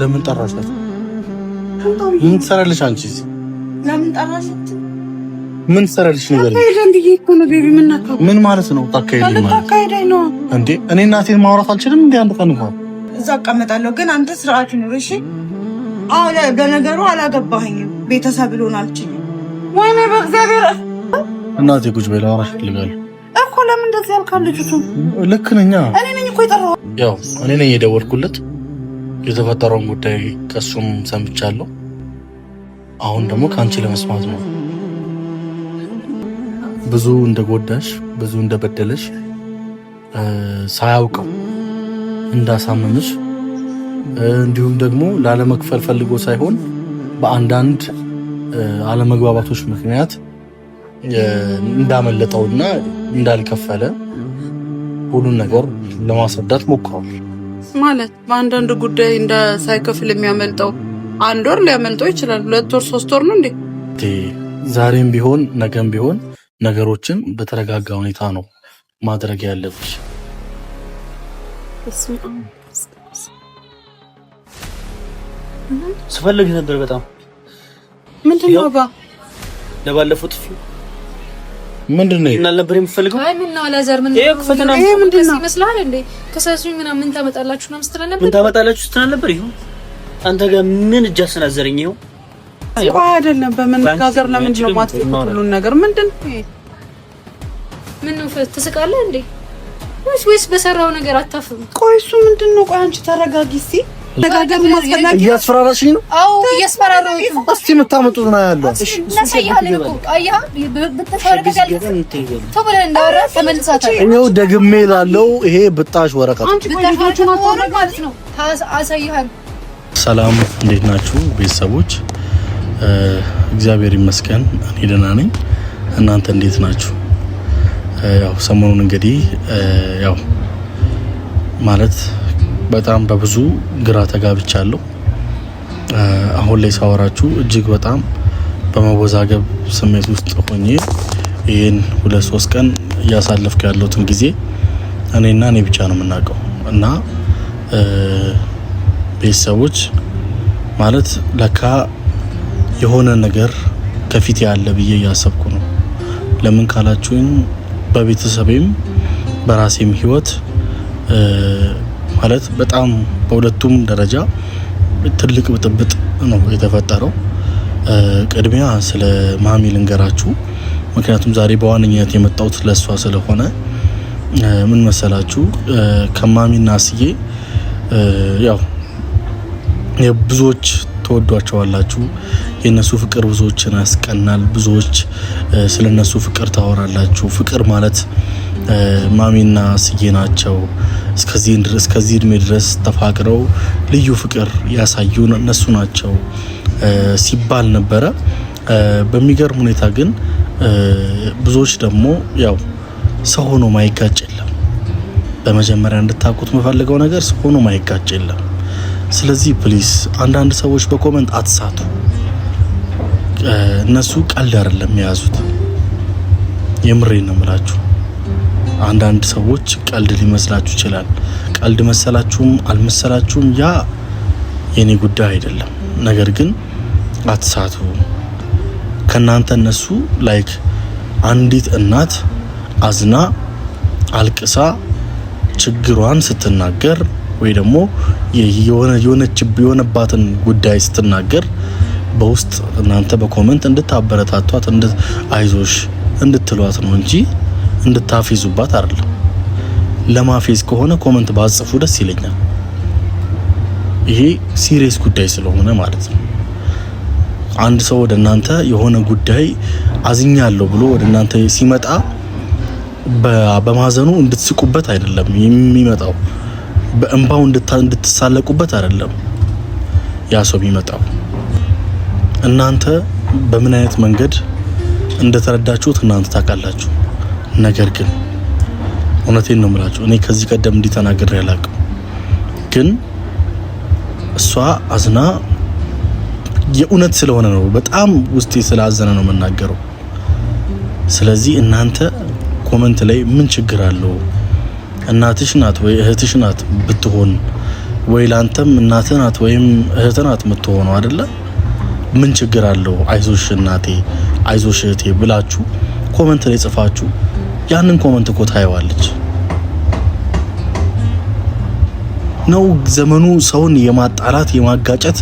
ለምን ጠራሻት? ምን ትሰራለሽ አንቺ? ለምን ጠራሻት? ምን ትሰራለሽ? ነገር ምን ማለት ነው? ታካሄደኝ ነው እንዴ? እኔ እናቴን ማውራት አልችልም እንዴ? አንድ ቀን እንኳን እዛ አቀመጣለሁ። ግን አንተ ስርዓት ይኑር እሺ። አሁን ለነገሩ አላገባኸኝም። ቤተሰብ ልሆን አልችልም። ወይኔ በእግዚአብሔር እናቴ ጉጅ በላ አራሽ ልበል እኮ ለምን እንደዚህ ያልካለች? ልክ ነኝ ነኝ እኮ የጠራሁት። ያው እኔ ነኝ የደወልኩለት የተፈጠረውን ጉዳይ ከሱም ሰምቻለሁ። አሁን ደግሞ ከአንቺ ለመስማት ነው። ብዙ እንደጎዳሽ፣ ብዙ እንደበደለሽ ሳያውቀው እንዳሳመምሽ እንዲሁም ደግሞ ላለመክፈል ፈልጎ ሳይሆን በአንዳንድ አለመግባባቶች ምክንያት እንዳመለጠውና እንዳልከፈለ ሁሉን ነገር ለማስረዳት ሞክሯል። ማለት በአንዳንድ ጉዳይ እንደ ሳይከፍል የሚያመልጠው አንድ ወር ሊያመልጠው ይችላል። ሁለት ወር ሶስት ወር ነው እንዴ? ዛሬም ቢሆን ነገም ቢሆን ነገሮችን በተረጋጋ ሁኔታ ነው ማድረግ ያለብሽ። ስፈልግ ነበር በጣም ምንድን ነው ባ ለባለፉት ምንድን ነው እና ነበር የምፈልገው? አይ ምን ነው ለዘር ምን ነው ፈተና ይመስላል እንዴ? ከሰሱኝ ምን ምን ታመጣላችሁ ነው ስትል ነበር። ምን ታመጣላችሁ ስትል ነበር። ይሁን አንተ ጋር ምን እጅ አሰናዘረኝ? ይሁን አይ አይደለም፣ በመነጋገር ለምንድን ነው የማትፈቱት ሁሉን ነገር? ምንድን ነው ምን ነው ትስቃለህ እንዴ? ወይስ ወይስ በሰራው ነገር አታፍም? ቆይ እሱ ምንድን ነው? ቆይ አንቺ ተረጋጊ እስኪ እያስፈራራሽኝ ነው? አዎ እያስፈራራሁሽ ነው። የምታመጡት ነው ያለው። እኔው ደግሜ ላለው ይሄ ብጣሽ ወረቀት ሰላም፣ እንዴት ናችሁ ቤተሰቦች? እግዚአብሔር ይመስገን እኔ ደህና ነኝ። እናንተ እንዴት ናችሁ? ያው ሰሞኑን እንግዲህ ያው ማለት በጣም በብዙ ግራ ተጋብቻለሁ። አሁን ላይ ሳወራችሁ እጅግ በጣም በመወዛገብ ስሜት ውስጥ ሆኜ ይህን ሁለት ሶስት ቀን እያሳለፍኩ ያለሁትን ጊዜ እኔና እኔ ብቻ ነው የምናውቀው እና ቤተሰቦች ማለት ለካ የሆነ ነገር ከፊት ያለ ብዬ እያሰብኩ ነው። ለምን ካላችሁኝ በቤተሰቤም በራሴም ህይወት ማለት በጣም በሁለቱም ደረጃ ትልቅ ብጥብጥ ነው የተፈጠረው። ቅድሚያ ስለ ማሚ ልንገራችሁ፣ ምክንያቱም ዛሬ በዋነኝነት የመጣሁት ለእሷ ስለሆነ ምን መሰላችሁ ከማሚና ስዬ ያው የብዙዎች ትወዷቸዋላችሁ። የእነሱ ፍቅር ብዙዎችን ያስቀናል። ብዙዎች ስለ እነሱ ፍቅር ታወራላችሁ። ፍቅር ማለት ማሚና ስዬ ናቸው እስከዚህ እድሜ ድረስ ተፋቅረው ልዩ ፍቅር ያሳዩ እነሱ ናቸው ሲባል ነበረ። በሚገርም ሁኔታ ግን ብዙዎች ደግሞ ያው ሰው ሆኖ ማይጋጭ የለም። በመጀመሪያ እንድታውቁት የምፈልገው ነገር ሰው ሆኖ ማይጋጭ የለም። ስለዚህ ፕሊስ አንዳንድ ሰዎች በኮመንት አትሳቱ። እነሱ ቀልድ አይደለም የያዙት፣ የምሬ ነው ምላችሁ። አንዳንድ ሰዎች ቀልድ ሊመስላችሁ ይችላል። ቀልድ መሰላችሁም አልመሰላችሁም ያ የኔ ጉዳይ አይደለም። ነገር ግን አትሳቱ። ከእናንተ እነሱ ላይክ አንዲት እናት አዝና አልቅሳ ችግሯን ስትናገር ወይ ደግሞ የሆነባትን ጉዳይ ስትናገር በውስጥ እናንተ በኮመንት እንድታበረታቷት አይዞሽ እንድትሏት ነው እንጂ እንድታፌዙባት አይደለም። ለማፌዝ ከሆነ ኮመንት ባጽፉ ደስ ይለኛል። ይሄ ሲሪየስ ጉዳይ ስለሆነ ማለት ነው። አንድ ሰው ወደ እናንተ የሆነ ጉዳይ አዝኛለሁ ብሎ ወደ እናንተ ሲመጣ በማዘኑ እንድትስቁበት አይደለም የሚመጣው። በእንባው እንድትሳለቁበት አይደለም ያ ሰው የሚመጣው። እናንተ በምን አይነት መንገድ እንደተረዳችሁት እናንተ ታውቃላችሁ። ነገር ግን እውነቴን ነው የምላችሁ፣ እኔ ከዚህ ቀደም እንዲተናገር ተናግሬ ግን እሷ አዝና የእውነት ስለሆነ ነው፣ በጣም ውስጤ ስለአዘነ ነው የምናገረው። ስለዚህ እናንተ ኮመንት ላይ ምን ችግር አለው እናትሽ ናት ወይ እህትሽ ናት ብትሆን ወይ ላንተም እናት ናት ወይም እህት ናት የምትሆነው አይደለ? ምን ችግር አለው? አይዞሽ እናቴ፣ አይዞሽ እህቴ ብላችሁ ኮመንት ላይ ጽፋችሁ ያንን ኮመንት እኮ ታየዋለች። ነው ዘመኑ ሰውን የማጣላት የማጋጨት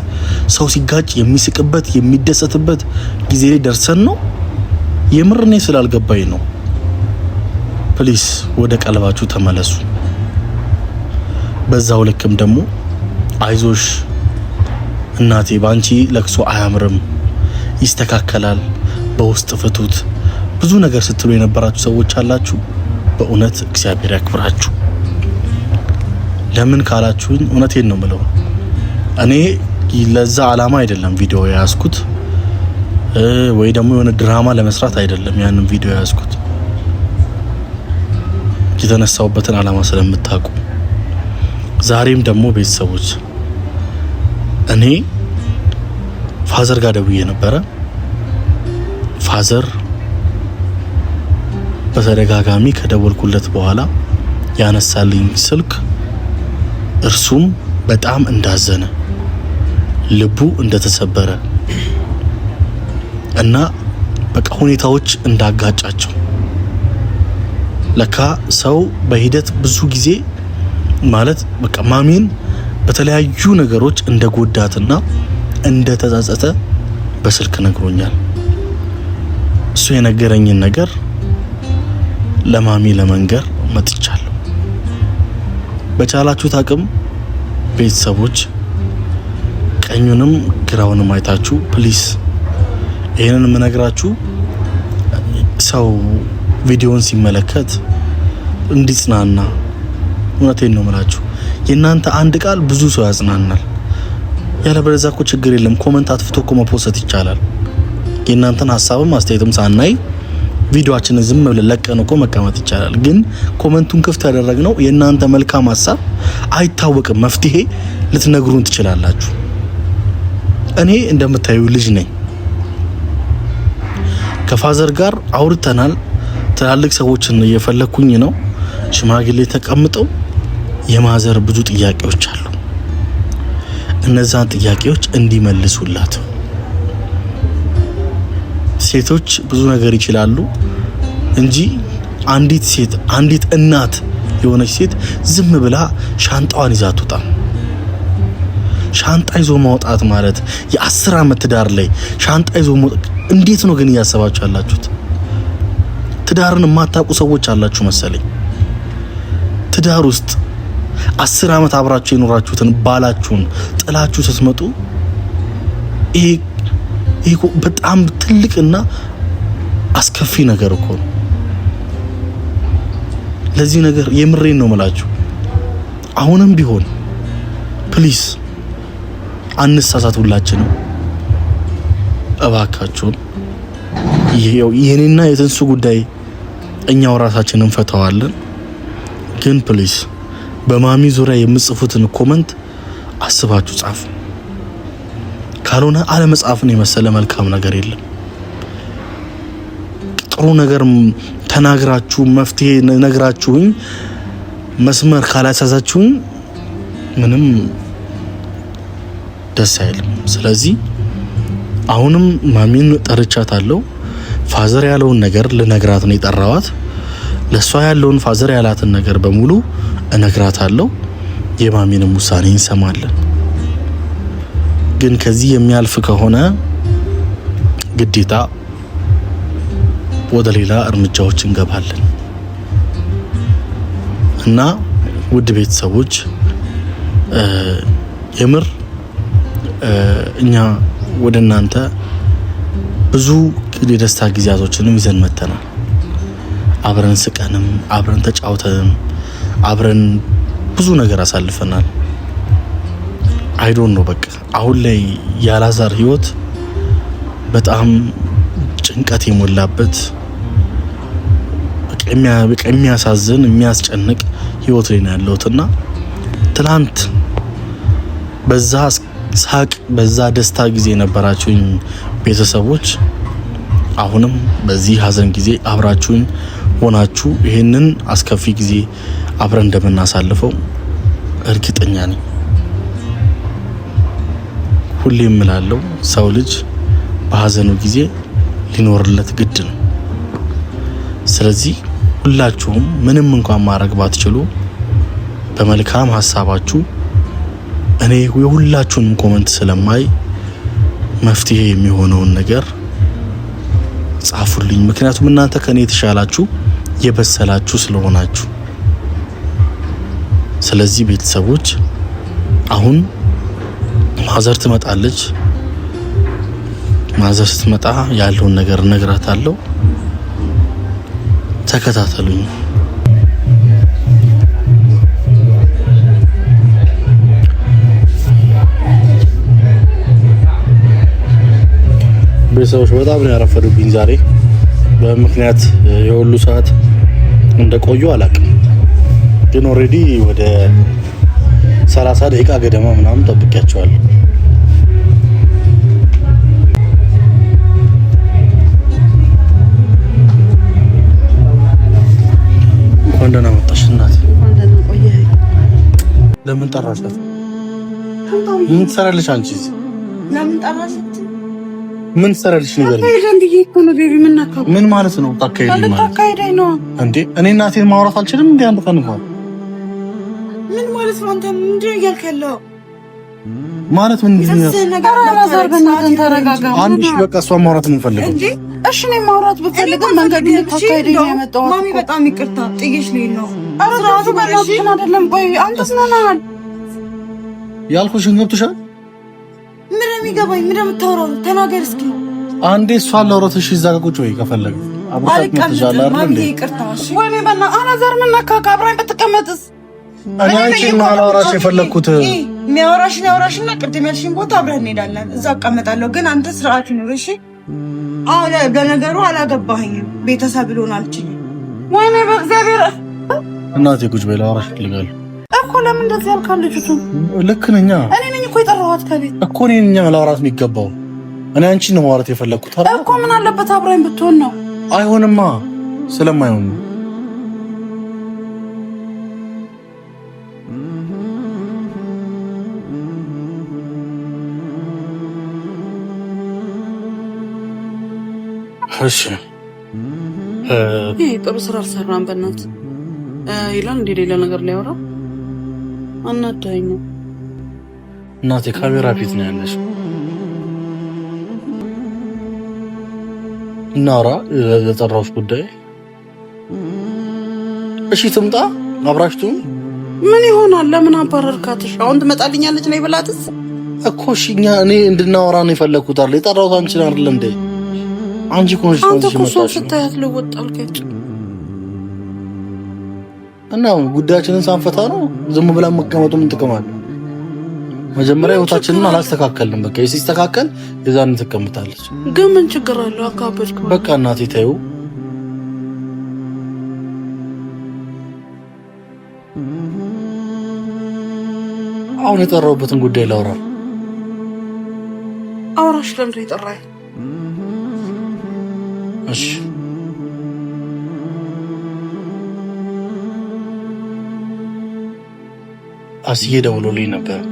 ሰው ሲጋጭ የሚስቅበት የሚደሰትበት ጊዜ ላይ ደርሰን ነው። የምር እኔ ስላልገባኝ ነው። ፕሊስ ወደ ቀልባችሁ ተመለሱ። በዛው ልክም ደግሞ አይዞሽ እናቴ ባንቺ ለቅሶ አያምርም፣ ይስተካከላል፣ በውስጥ ፍቱት ብዙ ነገር ስትሉ የነበራችሁ ሰዎች አላችሁ። በእውነት እግዚአብሔር ያክብራችሁ። ለምን ካላችሁኝ እውነቴን ነው ምለው። እኔ ለዛ አላማ አይደለም ቪዲዮ የያዝኩት፣ ወይ ደግሞ የሆነ ድራማ ለመስራት አይደለም ያንን ቪዲዮ የያዝኩት የተነሳውበትን አላማ ስለምታውቁ ዛሬም ደግሞ ቤተሰቦች እኔ ፋዘር ጋር ደውዬ ነበረ። ፋዘር በተደጋጋሚ ከደወልኩለት በኋላ ያነሳልኝ ስልክ እርሱም በጣም እንዳዘነ ልቡ እንደተሰበረ እና በቃ ሁኔታዎች እንዳጋጫቸው ለካ ሰው በሂደት ብዙ ጊዜ ማለት በቃ ማሚን በተለያዩ ነገሮች እንደ ጎዳትና እንደ ተጸጸተ በስልክ ነግሮኛል። እሱ የነገረኝን ነገር ለማሚ ለመንገር መጥቻለሁ። በቻላችሁት አቅም ቤተሰቦች ቀኙንም ግራውንም አይታችሁ ፕሊስ ይህንን የምነግራችሁ ሰው ቪዲዮን ሲመለከት እንዲጽናና እውነቴን ነው ምላችሁ የእናንተ አንድ ቃል ብዙ ሰው ያጽናናል። ያለበለዚያ እኮ ችግር የለም ኮመንት አትፍቶ እኮ መፖሰት ይቻላል። የእናንተን ሀሳብም አስተያየትም ሳናይ ቪዲዮአችንን ዝም ብለን ለቀን እኮ መቀመጥ ይቻላል። ግን ኮመንቱን ክፍት ያደረግነው የእናንተ መልካም ሀሳብ አይታወቅም፣ መፍትሄ ልትነግሩን ትችላላችሁ። እኔ እንደምታዩ ልጅ ነኝ። ከፋዘር ጋር አውርተናል፣ ትላልቅ ሰዎችን እየፈለግኩኝ ነው። ሽማግሌ ተቀምጠው የማዘር ብዙ ጥያቄዎች አሉ። እነዛን ጥያቄዎች እንዲመልሱላት። ሴቶች ብዙ ነገር ይችላሉ እንጂ አንዲት ሴት አንዲት እናት የሆነች ሴት ዝም ብላ ሻንጣዋን ይዛ ሻንጣ ይዞ ማውጣት ማለት የአስር ዓመት ትዳር ላይ ሻንጣ ይዞ እንዴት ነው ግን እያሰባችሁ ያላችሁት? ትዳርን የማታውቁ ሰዎች አላችሁ መሰለኝ። ትዳር ውስጥ አስር ዓመት አብራችሁ የኖራችሁትን ባላችሁን ጥላችሁ ስትመጡ ይሄ በጣም ትልቅና አስከፊ ነገር እኮ ነው። ለዚህ ነገር የምሬን ነው የምላችሁ። አሁንም ቢሆን ፕሊስ አንሳሳት፣ ሁላችንም እባካችሁን። የኔና የትንሱ ጉዳይ እኛው ራሳችን እንፈታዋለን። ግን ፕሊስ በማሚ ዙሪያ የምጽፉትን ኮመንት አስባችሁ ጻፉ። ካልሆነ አለመጻፍን የመሰለ መልካም ነገር የለም። ጥሩ ነገር ተናግራችሁ መፍትሄ ነግራችሁኝ መስመር ካላሳዛችሁኝ ምንም ደስ አይልም። ስለዚህ አሁንም ማሚን ጠርቻታለሁ። አለው። ፋዘር ያለውን ነገር ልነግራት ነው የጠራዋት። ለእሷ ያለውን ፋዘር ያላትን ነገር በሙሉ እነግራታለሁ። የማሚንም ውሳኔ እንሰማለን። ግን ከዚህ የሚያልፍ ከሆነ ግዴታ ወደ ሌላ እርምጃዎች እንገባለን እና ውድ ቤተሰቦች የምር እኛ ወደ እናንተ ብዙ የደስታ ጊዜያቶችንም ይዘን መተናል። አብረን ስቀንም አብረን ተጫውተንም አብረን ብዙ ነገር አሳልፈናል። አይዶን ነው በቃ አሁን ላይ የአላዛር ህይወት በጣም ጭንቀት የሞላበት የሚያሳዝን የሚያስጨንቅ ህይወት ላይ ነው ያለሁት እና ትላንት በዛ ሳቅ በዛ ደስታ ጊዜ የነበራችሁኝ ቤተሰቦች አሁንም በዚህ ሀዘን ጊዜ አብራችሁን ሆናችሁ ይህንን አስከፊ ጊዜ አብረን እንደምናሳልፈው እርግጠኛ ነኝ። ሁሌ የምላለው ሰው ልጅ በሀዘኑ ጊዜ ሊኖርለት ግድ ነው። ስለዚህ ሁላችሁም ምንም እንኳን ማድረግ ባትችሉ በመልካም ሀሳባችሁ እኔ የሁላችሁንም ኮመንት ስለማይ መፍትሄ የሚሆነውን ነገር ጻፉልኝ። ምክንያቱም እናንተ ከኔ የተሻላችሁ የበሰላችሁ ስለሆናችሁ። ስለዚህ ቤተሰቦች አሁን ማዘር ትመጣለች። ማዘር ስትመጣ ያለውን ነገር እነግራታለሁ። ተከታተሉኝ። ሰዎች በጣም ነው ያረፈዱብኝ ዛሬ። በምክንያት የሁሉ ሰዓት እንደቆዩ አላቅም፣ ግን ኦልሬዲ ወደ 30 ደቂቃ ገደማ ምናምን ጠብቂያቸዋለሁ። እንኳን ደህና መጣሽ እናት። ለምን ጠራሻት? ምን ትሰራለች አንቺ? ለምን ጠራሽ? ምን ሰራልሽ ነገር ምን ማለት ነው? እኔ እናቴን ማውራት አልችልም። እንደ አንድ ቀን እንኳን ምን ማለት ነው? አንተ ምንድን ነው ያልከለው? ማለት ምን አንድ ሺህ በቃ እሷን ማውራት የምንፈልገው እሺ፣ እኔ ማውራት ብፈልግም መንገድ ልታካሄደኝ ነው የመጣሁት። ማሚ በጣም ይቅርታ ጥዬሽ ልሂድ ነው። ኧረ ስርዓቱ በእናትሽን አይደለም። ቆይ አንተስ ነናል ያልኩሽን ገብቶሻል የሚገባኝ ምንድን ነው ተናገር እስኪ አንዴ። እሷ ላውራትሽ እዛ ቁጭ ወይ ከፈለግ ቤተሰብ ልሆን አልችልም። ወይኔ በእግዚአብሔር እናቴ ቁጭ በይ፣ ልክ ነኝ እኔ እኮ የጠራኋት ከቤት እኮ እኔ እኛ ላውራት የሚገባው እኔ አንቺን ነው ማውራት የፈለግኩት እኮ። ምን አለበት አብራኝ ብትሆን ነው። አይሆንማ፣ ስለማይሆን እሺ። ይህ ጥሩ ስራ አልሰራም። በእናትህ ይላል እንደ ሌላ ነገር ሊያወራ አናዳኝ ነው እናቴ ካሜራ ፊት ነው ያለሽ። እናውራ ለጠራሁሽ ጉዳይ። እሺ ትምጣ፣ አብራሽቱ። ምን ይሆናል? ለምን አባረርካትሽ? አሁን ትመጣልኛለች ነው ይበላትስ እኮ እሺ። እኛ እኔ እንድናወራ ነው የፈለግኩት አይደል? የጠራሁት አንቺን አይደል እንዴ? አንቺ እኮ ነሽ። አንተ እኮ ሰው ስታያት ልውጥ አልከኝ እና ጉዳያችንን ሳንፈታ ነው ዝም ብላ መቀመጡ ምን ጥቅም አለ? መጀመሪያ ህይወታችንን አላስተካከልንም። በቃ ሲስተካከል የዛን ትቀምጣለች። ግን ምን ችግር አለው? አካበድኩ በቃ እናቴ ተይው። አሁን የጠራሁበትን ጉዳይ ላውራ። አውራሽ ለምዶ የጠራኝ እሺ አስዬ ደውሎልኝ ነበር።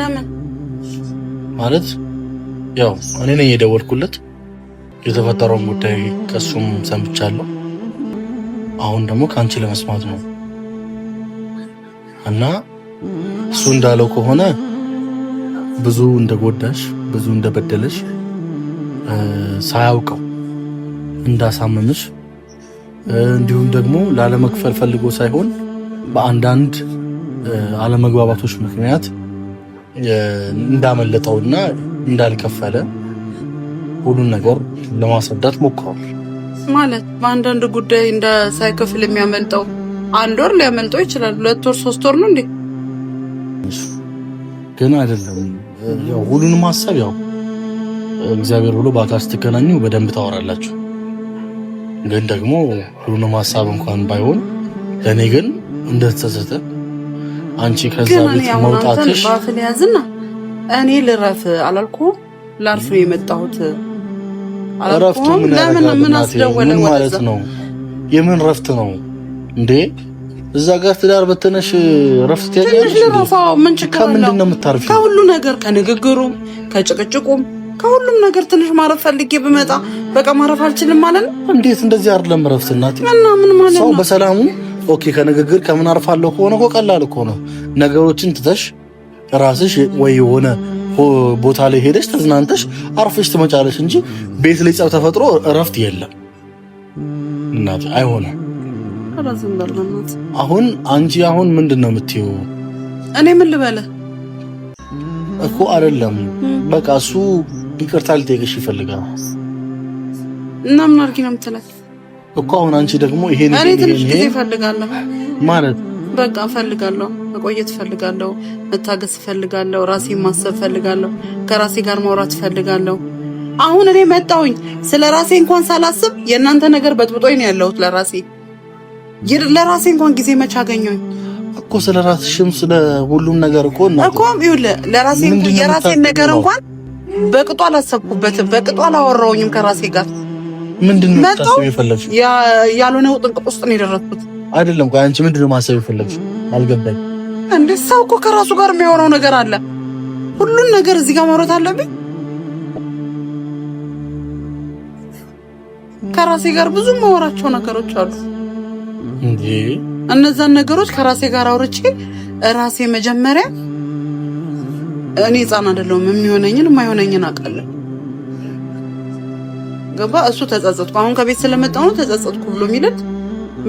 ለምን ማለት ያው እኔ ነኝ የደወልኩለት። የተፈጠረውን ጉዳይ ከሱም ሰምቻለሁ። አሁን ደግሞ ከአንቺ ለመስማት ነው እና እሱ እንዳለው ከሆነ ብዙ እንደጎዳሽ፣ ብዙ እንደበደለሽ ሳያውቀው እንዳሳመምሽ እንዲሁም ደግሞ ላለመክፈል ፈልጎ ሳይሆን በአንዳንድ አለመግባባቶች ምክንያት እንዳመለጠውና እንዳልከፈለ ሁሉን ነገር ለማስረዳት ሞክሯል። ማለት በአንዳንድ ጉዳይ እንደ ሳይከፍል የሚያመልጠው አንድ ወር ሊያመልጠው ይችላል። ሁለት ወር ሶስት ወር ነው እንዴ? ግን አይደለም ሁሉንም ሀሳብ ያው እግዚአብሔር ብሎ በአካል ስትገናኙ በደንብ ታወራላችሁ። ግን ደግሞ ሁሉንም ሀሳብ እንኳን ባይሆን ለእኔ ግን እንደተሰሰተ አንቺ ከዛ ቤት መውጣትሽ ያዝና እኔ ልረፍ አላልኩ ላርፍ ነው የመጣሁት። እረፍቱ ምን ማለት ነው? የምን ረፍት ነው እንዴ? እዛ ጋር ትዳር በተነሽ ረፍት ትያለሽ። ምን ችግር ነው የምታርፊው? ከሁሉ ነገር ከንግግሩም፣ ከጭቅጭቁም፣ ከሁሉም ነገር ትንሽ ማረፍ ፈልጌ ብመጣ በቃ ማረፍ አልችልም ማለት ነው። እንዴት እንደዚህ አይደለም ረፍት እናቴ። ሰው በሰላሙ ኦኬ ከንግግር ከምን አርፋለሁ ከሆነ እኮ ቀላል እኮ ነው። ነገሮችን ትተሽ ራስሽ ወይ የሆነ ቦታ ላይ ሄደሽ ተዝናንተሽ አርፈሽ ትመጫለሽ እንጂ ቤት ላይ ጸብ ተፈጥሮ እረፍት የለም። እናት አይሆንም። አሁን አንቺ አሁን ምንድን ነው የምትይው? እኔ ምን ልበለ እኮ አይደለም። በቃ እሱ ይቅርታ ሊጠይቅሽ ይፈልጋል እና ምን አድርጊ ነው የምትለው እኮ አሁን አንቺ ደግሞ ይሄን ፈልጋለሁ ማለት በቃ እፈልጋለሁ፣ መቆየት እፈልጋለሁ፣ መታገስ እፈልጋለሁ፣ ራሴን ማሰብ እፈልጋለሁ፣ ከራሴ ጋር ማውራት እፈልጋለሁ። አሁን እኔ መጣሁኝ ስለ ራሴ እንኳን ሳላስብ የእናንተ ነገር በጥብጦኝ ነው ያለሁት። ለራሴ ለራሴ እንኳን ጊዜ መች አገኘሁኝ እኮ ስለ ራስሽም ስለ ሁሉም ነገር እኮ እና እኮ ለራሴ የራሴን ነገር እንኳን በቅጡ አላሰብኩበትም፣ በቅጡ አላወራሁኝም ከራሴ ጋር ምንድነው ነው ታስብ የፈለግሽ? ያልሆነ ጥንቅጥ ውስጥ ነው የደረስኩት። አይደለም ቆይ፣ አንቺ ምንድነው ማሰብ የፈለግሽ? አልገባኝ። እንደ ሰው እኮ ከራሱ ጋር የሚሆነው ነገር አለ። ሁሉን ነገር እዚህ ጋር ማውራት አለብኝ። ከራሴ ጋር ብዙ ማወራቸው ነገሮች አሉ እንጂ እነዛን ነገሮች ከራሴ ጋር አውርቼ ራሴ መጀመሪያ እኔ ህፃን አይደለሁም። የሚሆነኝን የማይሆነኝን አውቃለሁ። ገባ እሱ ተጸጸጥኩ፣ አሁን ከቤት ስለመጣሁ ነው ተጸጸጥኩ ብሎ የሚለት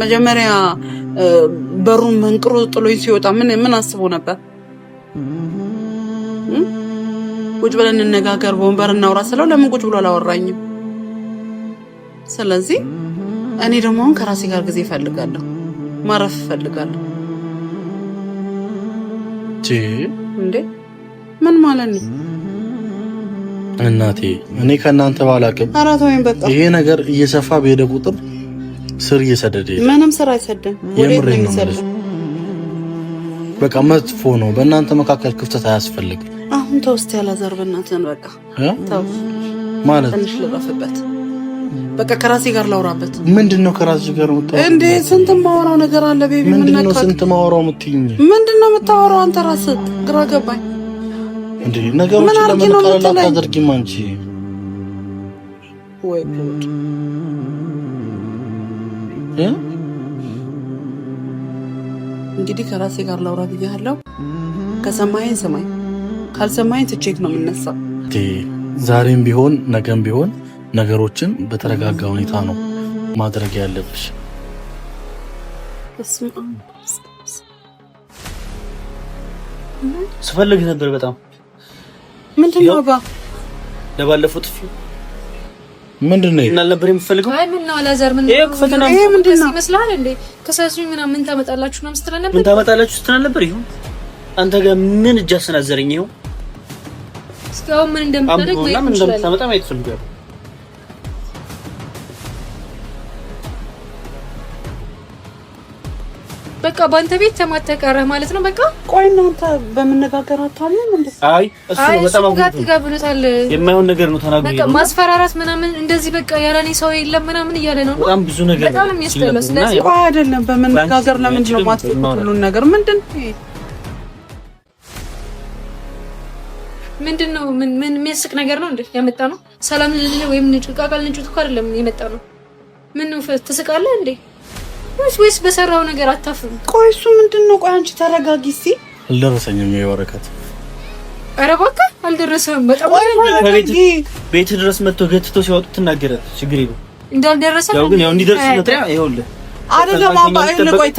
መጀመሪያ በሩን መንቅሮ ጥሎኝ ሲወጣ ምን ምን አስቦ ነበር? ቁጭ ብለን እንነጋገር፣ በወንበር እናውራ ስለው ለምን ቁጭ ብሎ አላወራኝም? ስለዚህ እኔ ደግሞ አሁን ከራሴ ጋር ጊዜ እፈልጋለሁ፣ ማረፍ እፈልጋለሁ። እንዴ ምን ማለት ነው? እናቴ እኔ ከእናንተ ባላቅም ይሄ ነገር እየሰፋ በሄደ ቁጥር ስር እየሰደደ ምንም ስር አይሰድም። የምሬ ነው። በቃ መጥፎ ነው። በእናንተ መካከል ክፍተት አያስፈልግም። አሁን ተው እስቲ አላዛር፣ በእናትህን በቃ ተው ማለት ትንሽ ልረፍበት። በቃ ከራሴ ጋር ላውራበት። ምንድን ነው ከራሴ ጋር የምታወራው እንዴ? ስንት ማወራው ነገር አለ ቤቢ። ምንድነው ስንት ማወራው የምትይኝ? ምንድነው ነው የምታወራው አንተ ራስህ? ግራ ገባኝ። እንዴ ነገሮችን ለምን ቀለል አታደርጊም አንቺ? ወይ ጉድ! እንግዲህ ከራሴ ጋር ላውራ ብያለሁ። ከሰማኸኝ ስማኝ፣ ካልሰማኸኝ ትቼክ ነው የምነሳው። ዛሬም ቢሆን ነገም ቢሆን ነገሮችን በተረጋጋ ሁኔታ ነው ማድረግ ያለብሽ። ስፈልግ ነበር በጣም ምንድን ነው አባ? ምንድን ነው የምፈልገው? አይ ምን ነው አላዛር፣ ምን ነው ፈተና? ይሄ ምንድን ነው እንዴ? ምን ታመጣላችሁ ነው ስትል ነበር። ምን ታመጣላችሁ ስትል ነበር። ይሁን አንተ ጋር ምን እጅ አሰናዘረኝ? ይሁን እስካሁን ምን እንደምታደርግ ወይ ምን እንደምታመጣ ማየት ፈልጋለሁ። በቃ በአንተ ቤት ተማተቀረ ማለት ነው። በቃ ቆይ እናንተ በመነጋገር አታምኑ እንዴ? አይ እሱ በጣም አጉልቶታል። የማይሆን ነገር ነው ተናግሮ በቃ ማስፈራራት ምናምን እንደዚህ በቃ ያለኔ ሰው የለም ምናምን እያለ ነው። በጣም ብዙ ነገር በጣም ነው የሚያስጠላው። ስለዚህ ቆይ አይደለም በመነጋገር ለምንድን ነው የማትፈቱት ሁሉን ነገር ምንድን ነው ምንድን ነው ምን ምን የሚያስቅ ነገር ነው እንዴ? ያመጣ ነው ሰላም ልልህ ወይም ንጭቃቃል ንጭት እኮ አይደለም የመጣ ነው። ምን ነው ትስቃለህ እንዴ? ወይስ ወይስ በሰራው ነገር አታፍሩም? ቆይ እሱ ምንድን ነው? ቆይ አንቺ ተረጋጊ። እስኪ አልደረሰኝም። የበረከት ኧረ እባክህ አልደረሰም። በጣም ቤት ድረስ መጥቶ ገትቶ ሲያወጡት ትናገረ ችግር የለም እንዳልደረሰ ያው ግን ያው እንዲደርስ ነጥሪያ ይኸውልህ አይደለም አባ ቆይ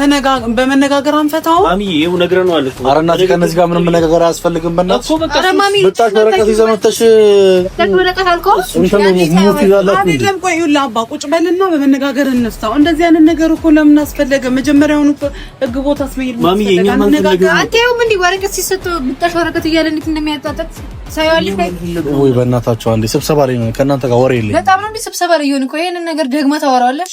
በመነጋገር አንፈታው። ይኸው ነግረነዋል እኮ። ኧረ እናቴ ከእነዚህ ጋር ምንም መነጋገር አያስፈልግም። በእናትሽ ወረቀት አይደለም ቆይ ይኸውልህ አባ ቁጭ በልና በመነጋገር እንፍታው። እንደዚህ አይነት ነገር እኮ ለምን አስፈለገ? መጀመሪያውን እኮ ህግ ቦታ ነገር አንተ ይኸው ምን ወረቀት ሲሰጥ ወረቀት እያለ እንዴት ወይ በእናታቸው አንዴ ስብሰባ ላይ ነው ከእናንተ ጋር ወሬ የለኝም። በጣም ነው ስብሰባ ላይ እኮ ይሄንን ነገር ታወራለሽ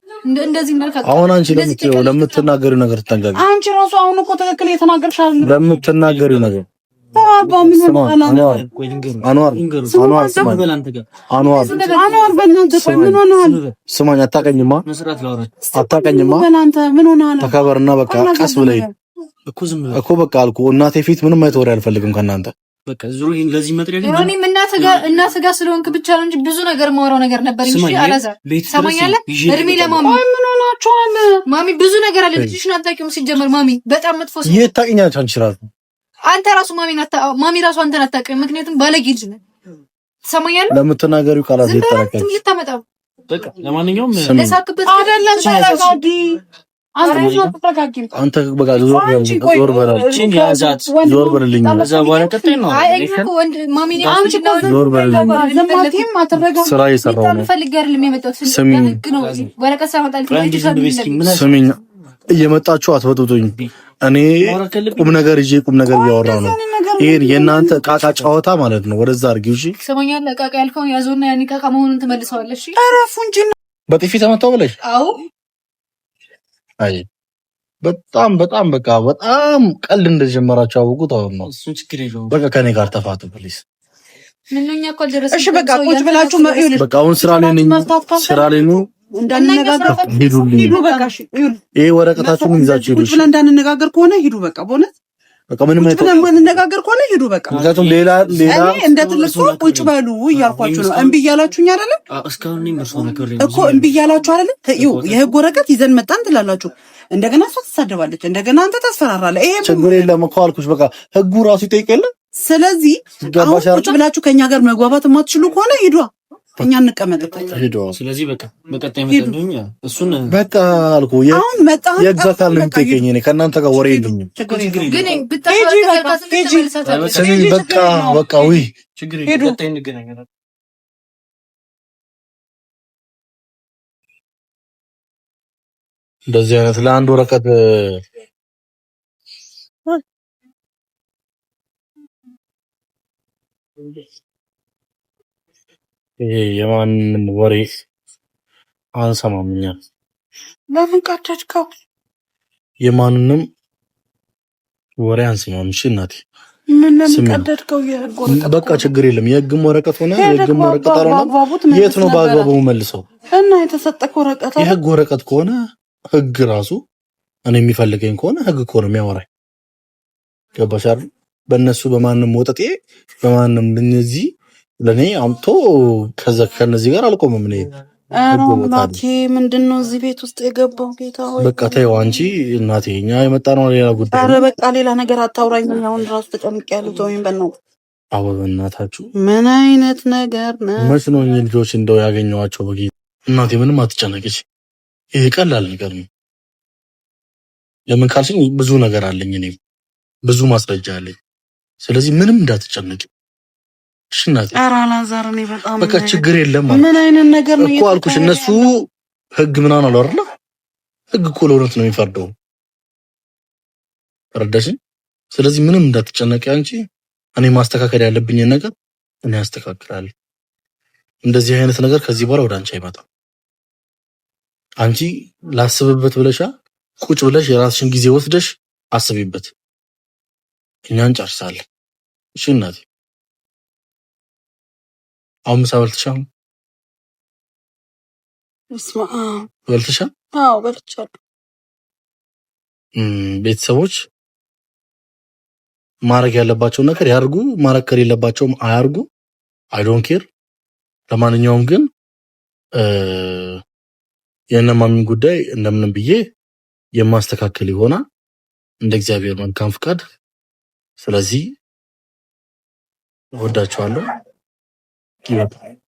እንደዚህ አሁን አንቺ ለምትይው ለምትናገሪው ነገር ተጠንቀቂ። አንቺ ራሱ አሁን እኮ ትክክል የተናገርሽ አይደል? ለምትናገሪው ነገር ስማኝ፣ አታቀኝማ አታቀኝማ። ተከበርና በቃ ቀስ ብለህ እኮ በቃ አልኩህ። እናቴ ፊት ምንም አይተወሪ አልፈልግም ከእናንተ በቃ ዝሮ ይሄን ለዚህ መጥሪያ ግን ሮኒም እናት ጋር እናት ጋር ስለሆንክ ብቻ ነው እንጂ ብዙ ነገር ማውራው ነገር ነበር እሺ አላዛ ሰማኛለ። እድሜ ለማሚ ምን ሆናችኋል? ማሚ ብዙ ነገር አለ። ልጅሽን አታውቂውም። ሲጀመር ማሚ በጣም መጥፎ ሰው የት ታውቂኛለሽ? አንቺ ራሱ አንተ ራሱ ማሚ ናታ ማሚ ራሱ አንተን አታውቂውም። ምክንያቱም ባለጌ ልጅ ነህ። ሰማኛለ። ለምትናገሪው ቃላት ይተናገሩ ልታመጣው በቃ ለማንኛውም ለሳክበት አይደለም ታላቃዲ አንተ በቃ ዞር በላልኝ፣ ዞር በልልኝ። እየመጣችሁ እኔ ቁም ነገር ይዤ ቁም ነገር እያወራሁ ነው። ይሄን የእናንተ ቃቃ ጨዋታ ማለት ነው። ወደዛ አድርጊው። እሺ፣ ሰሞኛል። ያልከውን ያዞና ያን እቃቃ መሆኑን ትመልሰዋለሽ። እረፉ በጥፊ ተመታው ብለሽ አዎ አይ በጣም በጣም በቃ በጣም ቀልድ እንደጀመራችሁ አውቁት። አሁን ነው እሱ ችግር የለውም። በቃ ከኔ ጋር ተፋቱ ፕሊስ። ምንኛ እኮ አልደረስንም። እሺ በቃ ቁጭ ብላችሁ በቃ አሁን ስራ ላይ ነኝ፣ ስራ ላይ ነው። እንዳንነጋገር ሂዱ። በቃ ይሄ ወረቀታችሁን ይዛችሁ ሂዱ። ቁጭ ብለን እንዳንነጋገር ከሆነ ሂዱ። በቃ በእውነት በቃ ምንም የምንነጋገር ከሆነ ሄዱ። በቃ ምክንያቱም ሌላ ሌላ እንደ ትልቅ ሰው ቁጭ በሉ እያልኳችሁ ነው። እምቢ እያላችሁኝ አይደለም እኮ እምቢ እያላችሁ አይደለም። የህግ ወረቀት ይዘን መጣን ትላላችሁ። እንደገና እሷ ትሳደባለች። እንደገና አንተ ታስፈራራለህ። ይሄ ችግር የለም እኮ አልኩሽ። በቃ ህጉ ራሱ ይጠይቅ የለ። ስለዚህ አሁን ቁጭ ብላችሁ ከእኛ ጋር መግባባት የማትችሉ ከሆነ ሂዷ እኛ እንቀመጥበት ሄደዋል። ስለዚህ በቃ በቀጣይ መጠኝ እሱን በቃ አልኩ። አሁን መጣ የግዛታል የምትገኝ እኔ ከእናንተ ጋር ወሬ የለኝም። በቃ በቃ እንደዚህ አይነት ለአንድ ወረቀት ይሄ የማንን ወሬ አንሰማም እኛ። ለምን ቀደድከው? የማንንም ወሬ አንሰማም። እሺ እናቴ በቃ ችግር የለም። የህግም ወረቀት ሆነ የህግም ወረቀት አልሆነ የት ነው በአግባቡ መልሰው እና የተሰጠህ ወረቀት የህግ ወረቀት ከሆነ ህግ ራሱ እኔ የሚፈልገኝ ከሆነ ህግ ከሆነ የሚያወራኝ ገባሻል። በእነሱ በማንም ወጠጤ በማንም እነዚህ ለእኔ አምቶ ከነዚህ ጋር አልቆምም። እኔ እናቴ ምንድን ነው እዚህ ቤት ውስጥ የገባው? ጌታ ሆይ በቃ ተይው አንቺ እናቴ፣ እኛ የመጣ ነው ሌላ ጉዳይ። ኧረ በቃ ሌላ ነገር አታውራኝ። አሁን ራሱ ተጨምቅ ያሉት ወይም በነው አበበ፣ እናታችሁ ምን አይነት ነገር ነው? መች ነው እኚህ ልጆች እንደው ያገኘዋቸው? በጌታ እናቴ፣ ምንም አትጨነቅች። ይህ ቀላል ነገር ነው። ለምን ካልሽኝ ብዙ ነገር አለኝ፣ እኔ ብዙ ማስረጃ አለኝ። ስለዚህ ምንም እንዳትጨነቅ። በቃ ችግር የለም እኮ አልኩሽ። እነሱ ህግ ምናምን አሉ አይደለ? ህግ እኮ ለእውነት ነው የሚፈርደው። ረዳሽኝ። ስለዚህ ምንም እንዳትጨነቂ አንቺ። እኔ ማስተካከል ያለብኝን ነገር እኔ አስተካክላለሁ። እንደዚህ አይነት ነገር ከዚህ በኋላ ወደ አንቺ አይመጣም። አንቺ ላስብበት ብለሻ ቁጭ ብለሽ የራስሽን ጊዜ ወስደሽ አስቢበት። እኛ እንጨርሳለን። እሺ እናቴ አሁን ምሳ በልተሻል? እስማ አዎ በልቻለሁ። ቤተሰቦች ማድረግ ያለባቸውን ነገር ያርጉ፣ ማድረግ ከሌለባቸውም አያርጉ። አይ ዶንት ኬር። ለማንኛውም ግን የእነማሚን ጉዳይ እንደምንም ብዬ የማስተካከል ይሆናል እንደ እግዚአብሔር መልካም ፍቃድ። ስለዚህ እወዳችኋለሁ። Europe